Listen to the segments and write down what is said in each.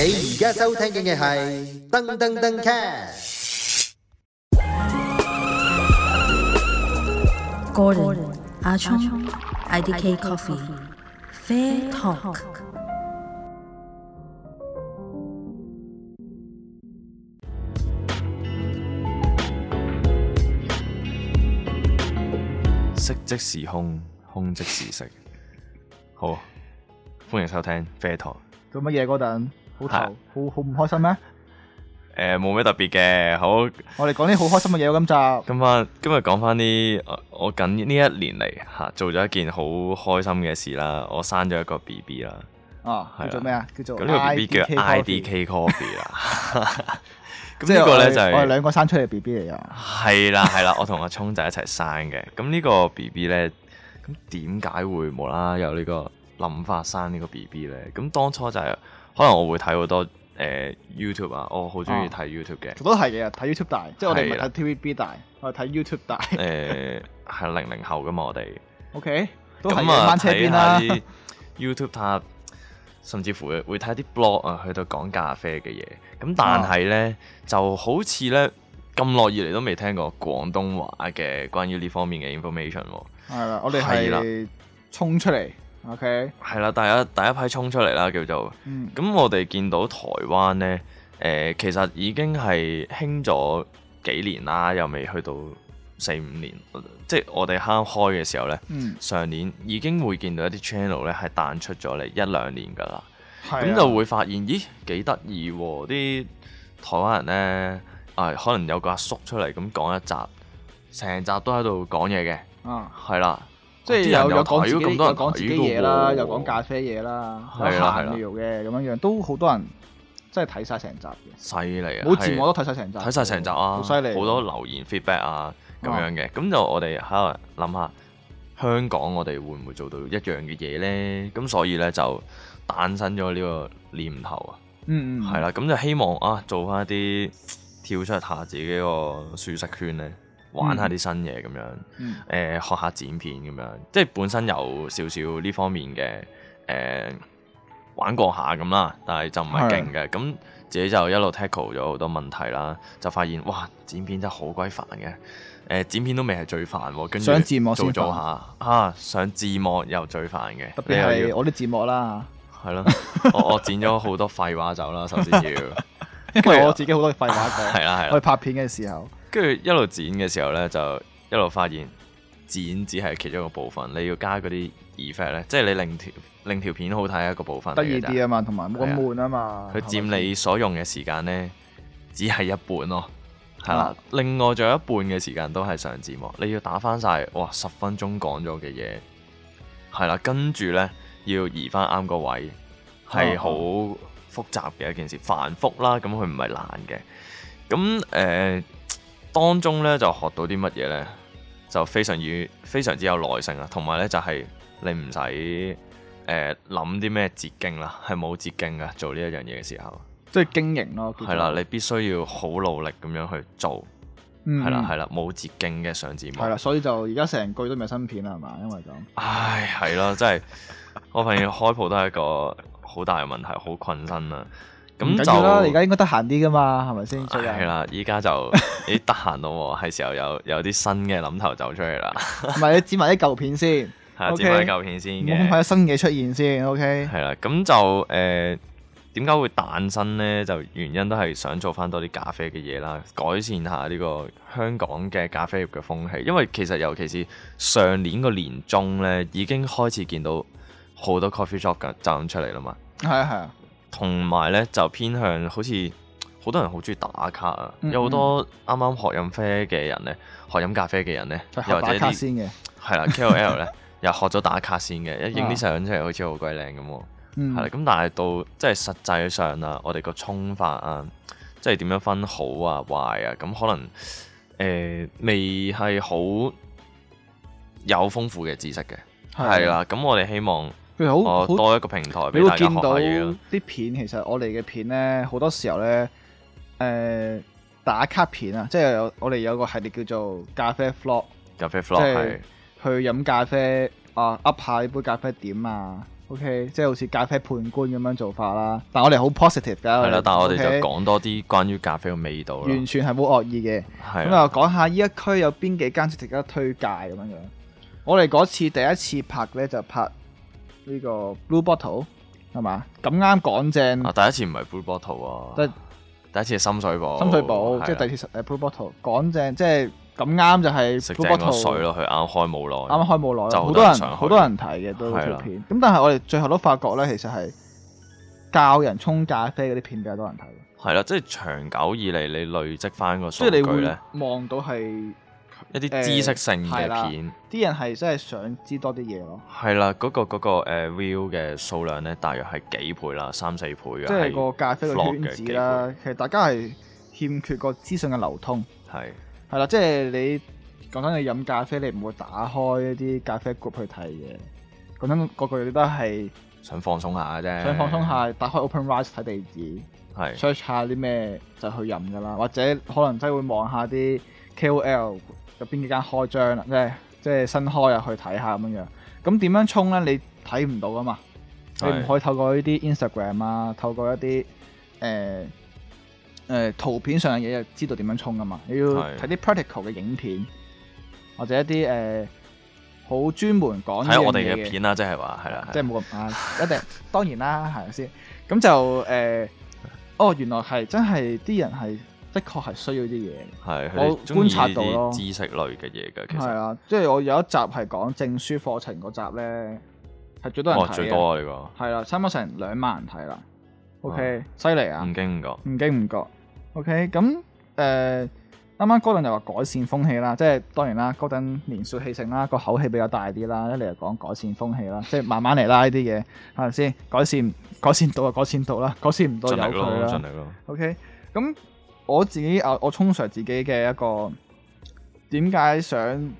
你而家收聽嘅係噔噔噔 cast。阿聰，IDK Coffee，Fair Talk。色即是空，空即是食。好，歡迎收聽 Fair Talk。做乜嘢嗰陣？好、啊、好唔開心咩？誒、呃，冇咩特別嘅，好。我哋講啲好開心嘅嘢咯，今集。今晚今日講翻啲，我近呢一年嚟吓做咗一件好開心嘅事啦，我生咗一個 B B 啦。啊，啊，叫做咩啊？叫做咖啡咖啡 個呢個 B B 叫 I D K Coffee 啦。咁呢個咧就我哋兩個生出嚟嘅 B B 嚟噶。係啦係啦，我同阿聰仔一齊生嘅。咁 呢個 B B 咧，咁點解會冇啦有呢個諗法生個 BB 呢個 B B 咧？咁當初就係、是。可能我會睇好多誒、呃、YouTube 啊，我好中意睇 YouTube 嘅，啊、都係嘅，睇 YouTube 大，即係我哋唔係睇 TVB 大，的我睇 YouTube 大。誒、呃，係零零後噶嘛，我哋。O、okay, K，都係嘅，班車邊啦。睇睇 YouTube，睇，甚至乎會睇啲 blog 啊，去到講咖啡嘅嘢。咁但係咧、哦，就好似咧咁耐以嚟都未聽過廣東話嘅關於呢方面嘅 information、啊。係啦，我哋係衝出嚟。O.K. 係啦，第一第一批衝出嚟啦，叫做咁。嗯、我哋見到台灣呢，誒、呃，其實已經係興咗幾年啦，又未去到四五年。即係我哋啱啱開嘅時候呢，上、嗯、年已經會見到一啲 channel 呢係彈出咗嚟一兩年噶啦。咁、啊、就會發現，咦，幾得意喎！啲台灣人呢，啊、呃，可能有個阿叔，叔出嚟咁講一集，成集都喺度講嘢嘅。嗯、啊，係啦。即係又有，有，有講自己嘢啦，又講咖啡嘢啦，有閒聊嘅咁樣樣，都好多人真係睇晒成集嘅，犀利啊！冇字我都睇晒成集，睇晒成集啊，好犀利！好多留言 feedback 啊，咁樣嘅，咁就我哋喺度諗下香港，我哋會唔會做到一樣嘅嘢咧？咁所以咧就誕生咗呢個念頭啊，嗯嗯，嗯，係啦，咁就希望啊做翻一啲跳出下自己個舒適圈咧。玩一下啲新嘢咁樣，誒、嗯呃、學下剪片咁樣，即係本身有少少呢方面嘅，誒、呃、玩過一下咁啦，但係就唔係勁嘅，咁自己就一路 tackle 咗好多問題啦，就發現哇，剪片真係好鬼煩嘅，誒、呃、剪片都未係最煩，跟住上字幕先煩下，啊上字幕又最煩嘅，特別係我啲字幕啦，係 咯，我我剪咗好多廢話走啦，首先要， 因為我自己好多廢話講，係啦係啦，去拍片嘅時候。跟住一路剪嘅時候呢，就一路發現剪只係其中一個部分，你要加嗰啲 effect 呢，即係你令條令條片好睇一個部分，得意啲啊嘛，同埋冇咁悶啊嘛。佢佔你所用嘅時間呢，只係一半咯，係啦、啊。另外仲有一半嘅時間都係上字幕，你要打翻晒，哇，十分鐘講咗嘅嘢係啦，跟住呢，要移翻啱個位係好、啊、複雜嘅一件事，繁複啦。咁佢唔係難嘅咁誒。當中咧就學到啲乜嘢咧，就非常非常之有耐性啦，同埋咧就係、是、你唔使誒諗啲咩捷徑啦，係冇捷徑噶做呢一樣嘢嘅時候，即係經營咯。係啦，你必須要好努力咁樣去做，係啦係啦，冇捷徑嘅上節目。係啦，所以就而家成個月都未有新片啦，係嘛？因為咁。唉，係咯，真係 我發現開鋪都係一個好大問題，好困身啦。咁就而家應該得閒啲噶嘛，係咪先？係啦，依家就咦得閒咯，係 時候有有啲新嘅諗頭走出嚟啦。唔係，你剪埋啲舊片先，剪埋啲舊片先。冇咁快有新嘅出現先，OK。係啦，咁就誒點解會誕生咧？就原因都係想做翻多啲咖啡嘅嘢啦，改善下呢個香港嘅咖啡業嘅風氣。因為其實尤其是上年個年中咧，已經開始見到好多 coffee shop 咁湧出嚟啦嘛。係啊，係啊。同埋咧，就偏向好似好多人好中意打卡啊，嗯嗯有好多啱啱學飲啡嘅人咧，學飲咖啡嘅人咧，又或者啲先嘅，係啦。K O L 咧又學咗打卡先嘅， 一影啲相出嚟好似好鬼靚咁。係、啊、啦，咁、嗯、但係到即係實際上啊，我哋個沖法啊，即係點樣分好啊壞啊，咁可能誒、呃、未係好有豐富嘅知識嘅，係啦。咁我哋希望。佢好、oh, 多一個平台俾大家你都見到啲片。其實我哋嘅片咧，好多時候咧，誒、呃，打卡片啊，即係有我哋有個系列叫做咖啡 flo，咖啡 flo 係去飲咖啡啊，up 下呢杯咖啡點啊，OK，即係好似咖啡判官咁樣做法啦。但係我哋好 positive 噶，係啦，okay? 但係我哋就講多啲關於咖啡嘅味道咯。完全係冇惡意嘅，咁啊，講下呢一區有邊幾間值得推介咁樣樣。我哋嗰次第一次拍咧就拍。呢、呢個 Blue Bottle 係嘛？咁啱講正啊！第一次唔係 Blue Bottle 喎、啊，第一次係深水埗。深水埗係即係第二次係誒 Blue Bottle 講正，即係咁啱就係食水咯。佢啱開冇耐，啱開冇耐，好多人好多人睇嘅都條片。咁但係我哋最後都發覺咧，其實係教人沖咖啡嗰啲片比較多人睇。係啦，即係長久以嚟你累積翻個數據咧，你會望到係。一啲知識性嘅片，啲、哎、人係真係想知多啲嘢咯。係啦，嗰、那個嗰、那個呃、view 嘅數量咧，大約係幾倍啦，三四倍啊。即、就、係、是、個咖啡嘅圈子啦，其實大家係欠缺個資訊嘅流通。係係啦，即係、就是、你講緊你飲咖啡，你唔會打開一啲咖啡 group 去睇嘅。講緊嗰句你都係想放鬆下啫。想放鬆，一下，想放鬆一下，打開 OpenRice 睇地址。係 search 下啲咩就去飲噶啦，或者可能真係會望下啲 KOL。有邊幾間開張啦、啊？即係即係新開啊，去睇下咁樣。咁點樣沖咧？你睇唔到噶嘛？你唔可以透過呢啲 Instagram 啊，透過一啲誒誒圖片上嘅嘢知道點樣沖噶嘛？你要睇啲 practical 嘅影片，或者一啲誒好專門講。睇我哋嘅片啦，即係話係啦，即係冇咁啊！一、就、定、是啊啊就是、 當然啦，係咪、啊、先？咁就誒、呃，哦，原來係真係啲人係。的確係需要啲嘢，係我觀察到咯。知識類嘅嘢噶，其實，係啊，即係我有一集係講證書課程嗰集咧，係最多人睇，哦這個、最多啊呢個，係啦、啊，差唔多成兩萬人睇啦、啊。OK，犀利啊，唔經唔覺，唔經唔覺。OK，咁誒，啱啱嗰陣就話改善風氣啦，即係當然啦，嗰陣年少氣盛啦，個口氣比較大啲啦。一嚟就講改善風氣啦， 即係慢慢嚟啦。呢啲嘢，係咪先？改善改善到啊？改善到啦，改善唔到由佢，盡力咯。OK，咁。Okay, 我自己啊，我通常自己嘅一個點解想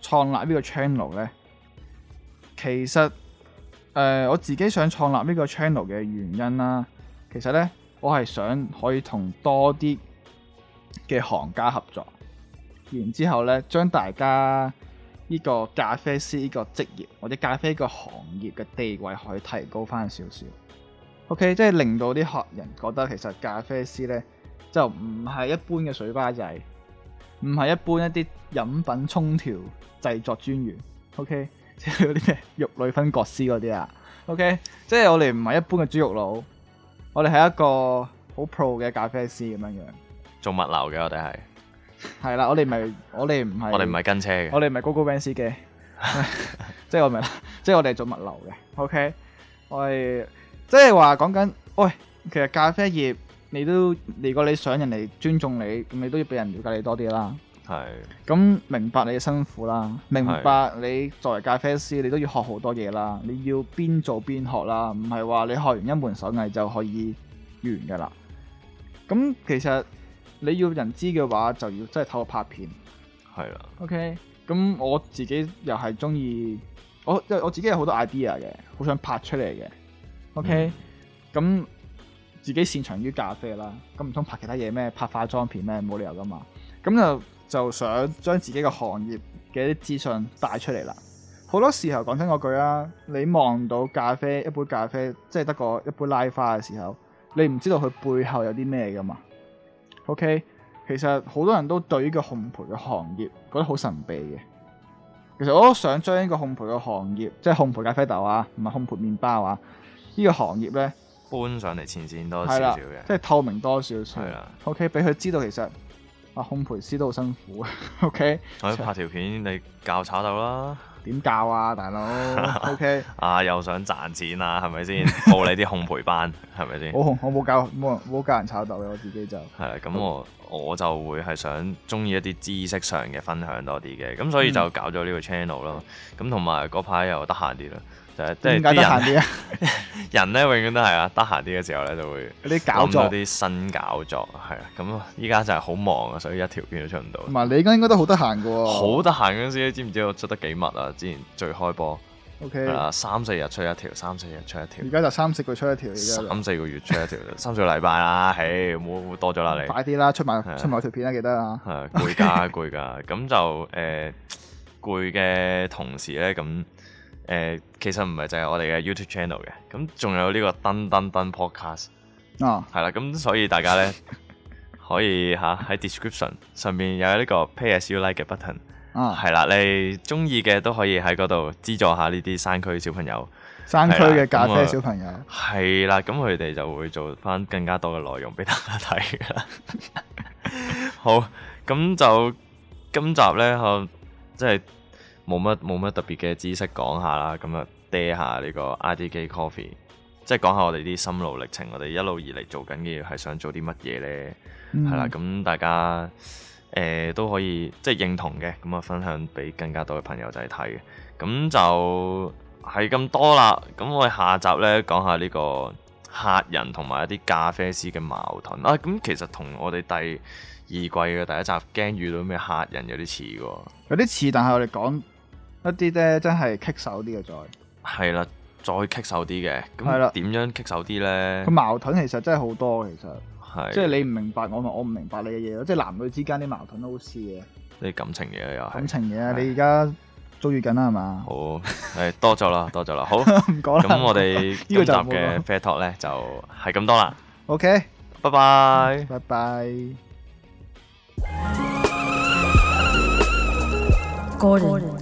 創立這個道呢個 channel 呢？其實、呃、我自己想創立呢個 channel 嘅原因啦，其實呢，我係想可以同多啲嘅行家合作，然之後呢，將大家呢個咖啡師呢個職業或者咖啡個行業嘅地位可以提高翻少少。OK，即係令到啲客人覺得其實咖啡師呢。就唔係一般嘅水吧仔，唔係一般一啲飲品沖調製作專員，OK，即係嗰啲咩肉類分割師嗰啲啊，OK， 即係我哋唔係一般嘅豬肉佬，我哋係一個好 pro 嘅咖啡師咁樣樣。做物流嘅我哋係，係啦，我哋唔係，我哋唔係，我哋唔係跟車嘅， 我哋唔係高高班司機， 即係我明，即係我哋做物流嘅，OK， 我係即係話講緊，喂，其實咖啡業。你都，如果你想人哋尊重你，咁你都要俾人了解你多啲啦。係。咁明白你嘅辛苦啦，明白你作為咖啡師，你都要學好多嘢啦。你要邊做邊學啦，唔係話你學完一門手藝就可以完噶啦。咁其實你要人知嘅話，就要真係透過拍片。係啦。O K，咁我自己又係中意，我因為我自己有好多 idea 嘅，好想拍出嚟嘅。O K，咁。自己擅長於咖啡啦，咁唔通拍其他嘢咩？拍化妝片咩？冇理由噶嘛。咁就就想將自己嘅行業嘅啲資訊帶出嚟啦。好多時候講真嗰句啊，你望到咖啡一杯咖啡，即係得個一杯拉花嘅時候，你唔知道佢背後有啲咩噶嘛。OK，其實好多人都對呢個烘焙嘅行業覺得好神秘嘅。其實我都想將呢個烘焙嘅行業，即係烘焙咖啡豆啊，唔係烘焙麵包啊，呢個行業呢，搬上嚟，前線多少少嘅，即係透明多少少。O K，俾佢知道其實啊，烘焙師都好辛苦嘅。O、okay? K，我拍條片你教炒豆啦。點教啊，大佬？O K，啊又想賺錢啊，係咪先？報你啲烘焙班係咪先？我我冇教冇人冇教人炒豆嘅，我自己就係啦。咁我我就會係想中意一啲知識上嘅分享多啲嘅，咁所以就搞咗呢個 channel 啦。咁同埋嗰排又得閒啲啦。就係，即係啲人， 人咧永遠都係啊，得閒啲嘅時候咧就會諗到啲新搞作，係 啊，咁依家就係好忙啊，所以一條片都出唔到。同埋你依家應該都好得閒噶喎。好得閒嗰陣時，你知唔知我出得幾密啊？之前最開波，ok，啊，三四日出一條，三四日出一條。而家就三四個月出一條，而家三 四個月出一條，三四個禮拜啦，唉、 hey，冇多咗啦你。快啲啦，出埋 出埋條片啦、啊、記得啦 啊。係攰噶攰噶，咁就誒，攰、呃、嘅同時咧咁。誒、呃，其實唔係淨係我哋嘅 YouTube channel 嘅，咁仲有呢個燈登登 podcast，哦、oh.，係啦，咁所以大家咧 可以吓喺、啊、description 上面有呢個 pay as you like 嘅 button，啊，係啦，你中意嘅都可以喺嗰度資助下呢啲山區小朋友，山區嘅咖啡小朋友，係啦，咁佢哋就會做翻更加多嘅內容俾大家睇啦。 好，咁就今集咧，吓、啊、即係。冇乜冇乜特別嘅知識講下啦，咁啊，嗲下呢個 IDK Coffee，即係講下我哋啲心路歷程，我哋一路以嚟做緊嘅嘢係想做啲乜嘢咧？係、嗯、啦，咁大家誒、呃、都可以即係認同嘅，咁啊，分享俾更加多嘅朋友仔睇，咁就係咁多啦。咁我哋下集咧，講下呢個客人同埋一啲咖啡師嘅矛盾啊。咁其實同我哋第二季嘅第一集驚遇到咩客人有啲似喎，有啲似，但係我哋講。一啲咧真係棘手啲嘅，再係啦，再棘手啲嘅咁係啦，點樣棘手啲咧？個矛盾其實真係好多，其實係即係你唔明白我咪，我唔明白你嘅嘢咯。即係男女之間啲矛盾都好似嘅，啲感情嘢又係感情嘢。你而家遭遇緊啦，係嘛？好，係多咗啦，多咗啦。好，唔講啦。咁我哋呢集嘅 fair talk 咧就係咁多啦。OK，拜拜，拜拜。Gordon。